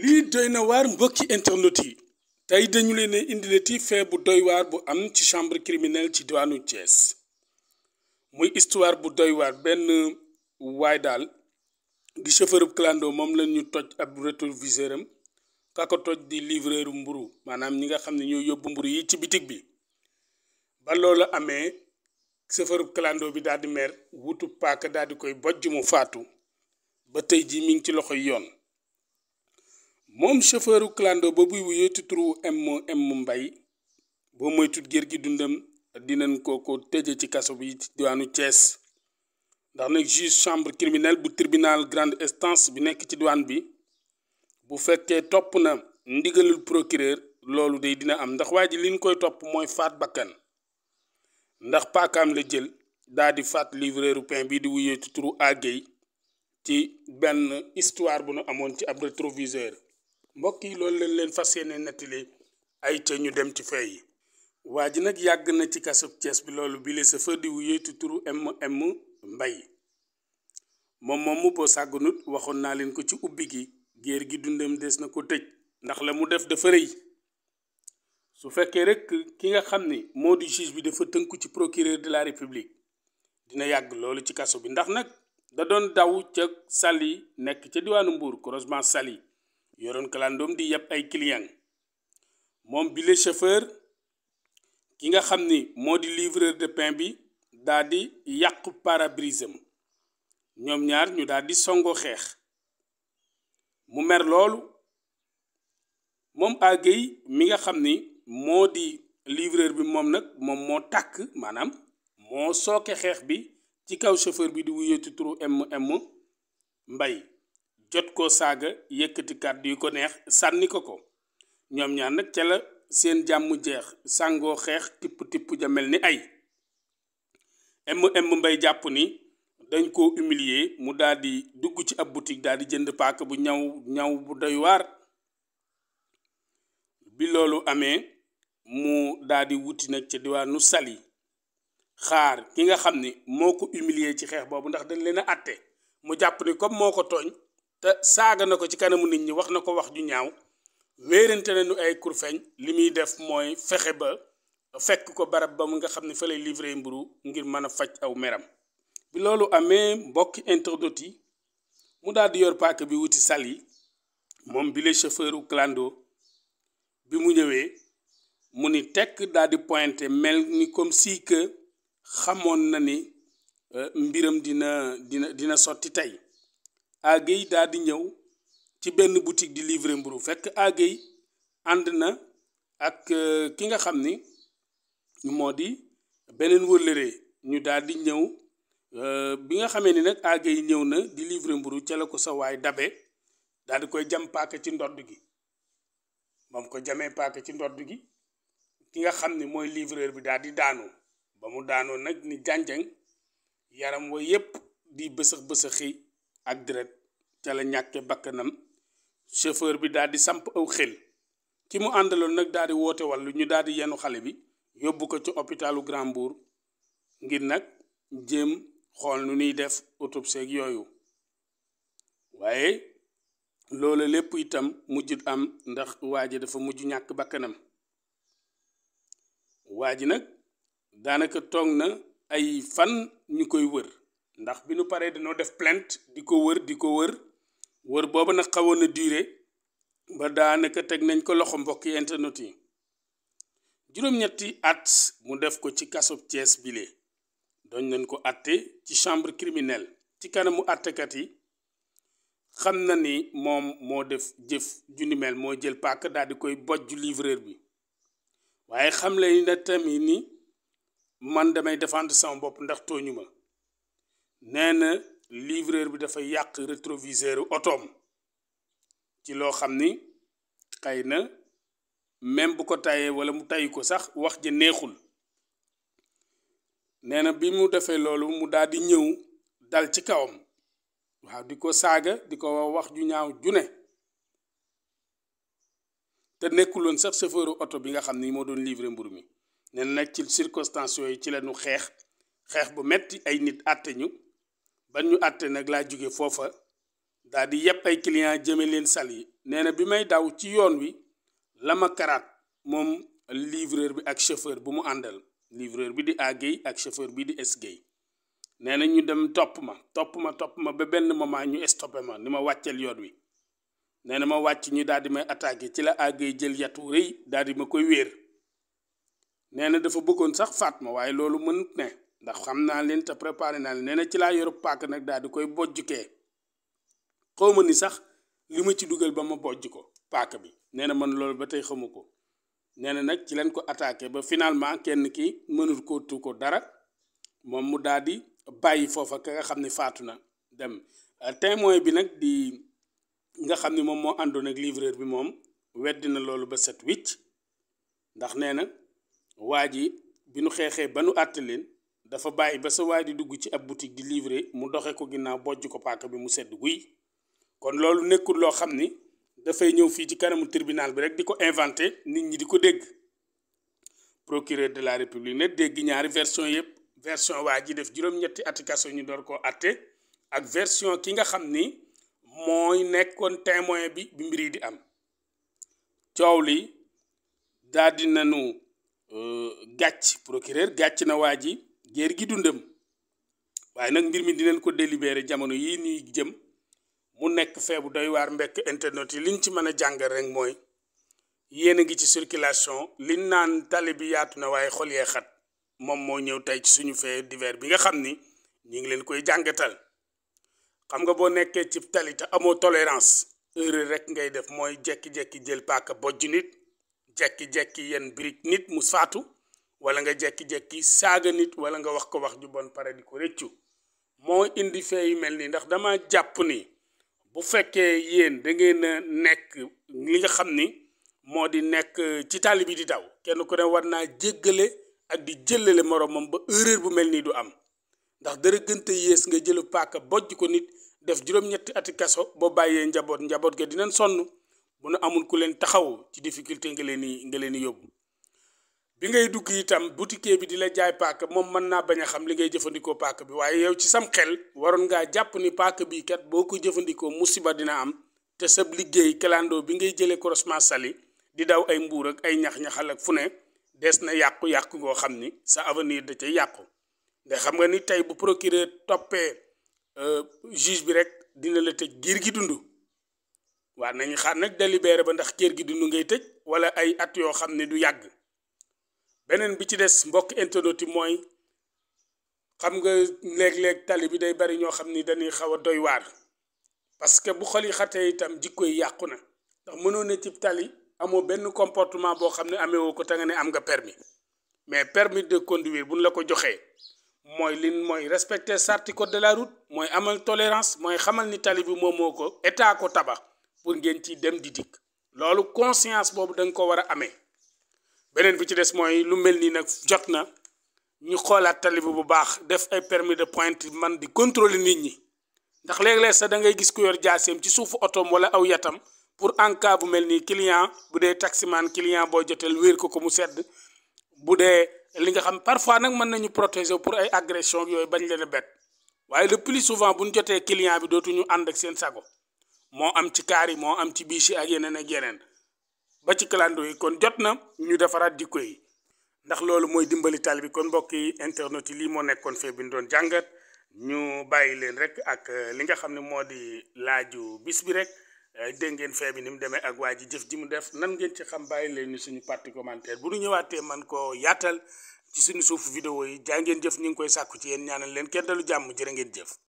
lii doy na waar mbokki internet yi tey dañu leen a indilati bu doy waar bu am ci chambre criminelle ci diwaanu Thiès muy histoire bu doy waar benn waay daal di chauffeur clando moom la ñu toj ab rétroviseur am toj di livreur mburu maanaam ñi nga xam ne ñoo yóbbu mburu yi ci bitig bi ba loola amee chauffeur clando bi daal di mer wutu paaka daal di koy bojj mu faatu ba tey jii mi ngi ci yi yoon moom chauffeuru clando ba buy wuyoo ci m mm Mbaye boo moytut gér gi dundam dinañ ko ko tëje ci kaso bi ci diwaanu Thiès ndax nag juge chambre criminelle bu tribunal grande instance bi nekk ci diwaan bi bu fekkee topp na ndigalul procureur loolu day dina am ndax waa ji liñ koy topp mooy faat bakkan ndax paakaam la jël daa di faat livreuru pain bii di wuyee ci turu ci benn histoire bu nu amoon ci ab rétroviseur mbokk yi loolu lañ leen fa yéene nettali ay ca ñu dem ci fay yi waa ji nag yàgg na ci kasub Cees bi loolu bile sa fa di wuyeetu turu mm mbay moom moom mu boo sàggunut waxoon naa leen ko ci ubbi gi géer gi dundam des na ko tëj ndax la mu def dafa rëy su fekkee rekk ki nga xam ni moo di juge bi dafa tënku ci procureur de la république dina yàgg loolu ci kaso bi ndax nag da doon daw ca Saly nekk ca diwaanu Mbour croisement Saly yoroon kalandoom di yab ay client moom bile chauffeur ki nga xam ni moo di livreur de pain bi daal di yàqu parabrisam ñoom ñaar ñu daal di songo xeex mu mer loolu moom àggay mi nga xam ni moo di livreur bi moom nag moom moo tàkk maanaam moo sooke xeex bi ci kaw chauffeur bi di wuyeetu turu mm mbay jot koo saaga yëkkati kàddu yu ko neex sànni ko ko ñoom ñaar nag ca la seen jàmm jeex sàngoo xeex tipp tipp ja mel ni ay emm emm mbay jàpp ni dañ koo humilier mu daal dugg ci ab boutique daal di jënd paaka bu ñaw ñaw bu doy waar bi loolu amee mu daal wuti nag ca diwaanu Saly xaar ki nga xam ni moo ko humilier ci xeex boobu ndax dañ leen a àtte mu jàpp ni comme moo ko tooñ te saaga na ko ci kanamu nit ñi wax na ko wax ju ñaaw wéerante nañu ay kurfeñ li muy def mooy fexe ba fekk ko barab ba mu nga xam ne fa lay livré mburu ngir mën a faj aw meram bi loolu amee mbokki internautes yi mu daal di yor paaka bi wuti sal yi moom bi le chauffeur u clando bi mu ñëwee mu ni tekk daal di pointé mel ni comme si que xamoon na ni euh, mbiram dina dina dina sotti tey Agueye daal di ñëw ci benn boutique di livrer mburu fekk Agueye ànd na ak euh, ki nga xam ni moo di beneen wëllëree ñu daldi di ñëw euh, bi nga xamee ni nag yi ñëw na di livre mburu ca la ko sa waay dabe daal di koy jam paaka ci ndodd gi ba mu ko jamee paaka ci ndodd gi ki nga xam ni mooy livreur bi daal daanoo ba mu daanoo nag ni jànjang yaram wa yépp di bësëx bësëxi ak dret ca la ñàkke bakkanam chauffeur bi daal di samp aw xel ki mu àndaloon nag daal di woote wàllu ñu daal di yenu xale bi yóbbu ko ci hôpitalu Grand Mbour ngir nag jéem xool nu ñuy def autopsie ak yooyu waaye loolu lépp itam mujj am ndax waa ji dafa mujj ñàkk bàkkanam waa ji nag daanaka toog na ay fan ñu koy wër ndax bi nu paree dañoo def plainte di ko wër di ko wër wër booba nag xawoon na durée ba daanaka teg nañ ko loxo mbokki internet yi juróom-ñetti at mu def ko ci kaso Thiès bile doñ nañ ko atte ci chambre criminel ci kanamu attekat yi xam na ni moom moo def jëf junni mel moo jël paak daal di koy bojj livreur bi waaye xam la na tamit ni man damay défendre sama bopp ndax tooñu ma nee na livreur bi dafa yàq rétroviseur otoom ci loo xam ni xëy na même bu ko tayee wala mu tayi ko sax wax ja neexul nee na bi mu defee loolu mu daal di ñëw dal ci kawam waaw di ko saaga di ko wax ju ñaaw june te nekkuloon sax chauffeur oto bi nga xam ni moo doon livrer mburu mi nee na nag ci circonstance yooyu ci lañu xeex xeex bu metti ay nit àtte ñu ba ñu àttee nag laa jóge foofa daal di yepp ay clients jëme leen sal yi nee na bi may daw ci yoon wi la ma karaat moom livreur bi ak chauffeur bu mu àndal livreur bi di A Guèye ak chauffeur bi di S nee na ñu dem topp ma topp ma topp ma ba benn moment ñu stoppé ma ni ma wàcceel yoon wi nee na ma wàcc ñu daal di may attaqué ci la A jël yatu rëy daal di ma koy wéer nee na dafa bëggoon sax faat ma waaye loolu mënut ne ndax xam naa leen te préparé naa leen nee na ci laa yor paak nag daal di koy bojjukee xaw ma ni sax li ma ci dugal ba ma bojj ko paaka bi nee na man loolu ba tey xamu ko nee na nag ci leen ko attaqué ba finalement kenn ki mënul ko tu ko dara moom mu daal di bàyyi foofa ka nga xam ni faatu na dem euh, temoin bi nag di nga xam ni moom moo àndoon ak livreur bi moom weddi na loolu ba set wicc ndax nee na waa ji bi nu xeexee ba nu àtte leen dafa bàyyi ba sa waay di dugg ci ab boutique di livrer mu doxe ko ginnaaw bojj ko paaka bi mu sedd guy kon loolu nekkul loo xam ni dafay ñëw fii ci kanamu tribunal bi rek di ko inventé nit ñi di ko dégg procureur de la république ne dégg ñaari version yëpp version waa ji def juróom-ñetti ati ñu door koo atte ak version ki nga xam ni mooy nekkoon témoin bi bi mbir yi di am coow li daal di nañu euh, gàcc procureur gàcc na waa ji géer gi dundam waaye nag mbir mi dinañ ko délibéré jamono yii nii jëm mu nekk feebu doy waar mbekk internet yi liñ ci mën a jàngal rek mooy yéen a ngi ci circulation liñ naan tali bi yaatu na waaye xol yee xat moom moo ñëw tey ci suñu fee divers bi nga xam ni ñu ngi leen koy jàngatal xam nga boo nekkee ci tali te amoo tolérance heure rek ngay def mooy jekki-jekki jël paaka bojj nit jekki-jekki yenn birig nit mu saatu wala nga jekki-jekki saaga nit wala nga wax ko wax ju bon pare di ko rëccu moo indi fee yu mel nii ndax dama jàpp ni bu fekkee yéen da ngeen nekk li nga xam ni moo di nekk euh, ci tali bi di daw kenn ku ne war naa jéggale ak di jëlale moromam ba erreur bu mel nii du am ndax dara gënte yées nga jël paaka bojj ko nit def juróom-ñetti ati kaso boo bàyyee njaboot njaboot ga dinañ sonn bu nu amul ku leen taxaw ci difficulté nga leen di nga leen di yóbbu bi ngay dugg itam boutique bi di la jaay paaka moom mën naa bañ a xam li ngay jëfandikoo paaka bi waaye yow ci sam xel waroon ngaa jàpp ni paaka bii kat boo ko jëfandikoo musiba dina am te sab liggéey kalandoo bi ngay jëlee croisement sali di daw ay mbuur ak ay ñax-ñaxal ak fu ne des na yàqu-yàqu ngoo xam ni sa avenir da cay yàqu nga xam nga ni tey bu procureur toppee euh, juge bi rek dina la tëj giir gi dund waa nañu xaar nag délibéré ba ndax kër gi dund ngay tëj wala ay at yoo xam ne du yàgg beneen bi ci des mbokk internet yi mooy xam nga léeg-léeg tali bi day bari ñoo xam ni dañuy xaw a doy waar parce que bu xol yi xatee itam jikko yi yàqu na ndax mënoo ne cib tali amoo benn comportement boo xam ne amee woo ko te nga ne am nga permis mais permis de conduire buñ la ko joxee mooy lin mooy respecter sarti code de la route mooy amal tolérance mooy xamal ni tali bi moom moo ko état ko tabax pour ngeen ci dem di dikk loolu conscience boobu danga nga ko war a amee beneen bi ci des mooy lu mel nii nag jot na ñu xoolaat tali bi bu baax def ay permis de pointe man di contrôler nit ñi ndax léeg-léeg sax da ngay gis ku yor jaaseem ci suufu otoom wala aw yatam pour en bu mel nii client bu dee taximaan client boo joteel wéer ko ko mu sedd bu dee li nga xam parfois nag mën nañu protéger pour ay agression yooyu bañ leen a bett waaye le plus souvent bu ñu jotee client bi dootuñu ànd ak seen sago moo am ci kaar am ci biis yi ak yeneen ak yeneen ba ci kalandoo yi kon jot na ñu defaraat jikko yi ndax loolu mooy dimbali taal bi kon mbokk yi internet yi lii moo nekkoon fee bi ñu doon jàngat ñu bàyyi leen rek ak euh, li nga xam ne moo di laaju bis bi rek euh, dégg ngeen fee bi ni mu demee ak waa ji jëf ji mu def nan ngeen ci xam bàyyi leen ñu suñu parti commentaire bu ñu ñëwaatee man ko yaatal ci suñu suufu vidéo yi jaa ngeen jëf ñu ngi koy sàkku ci yéen ñaanal leen kenn dalu jàmm jërë ngeen jëf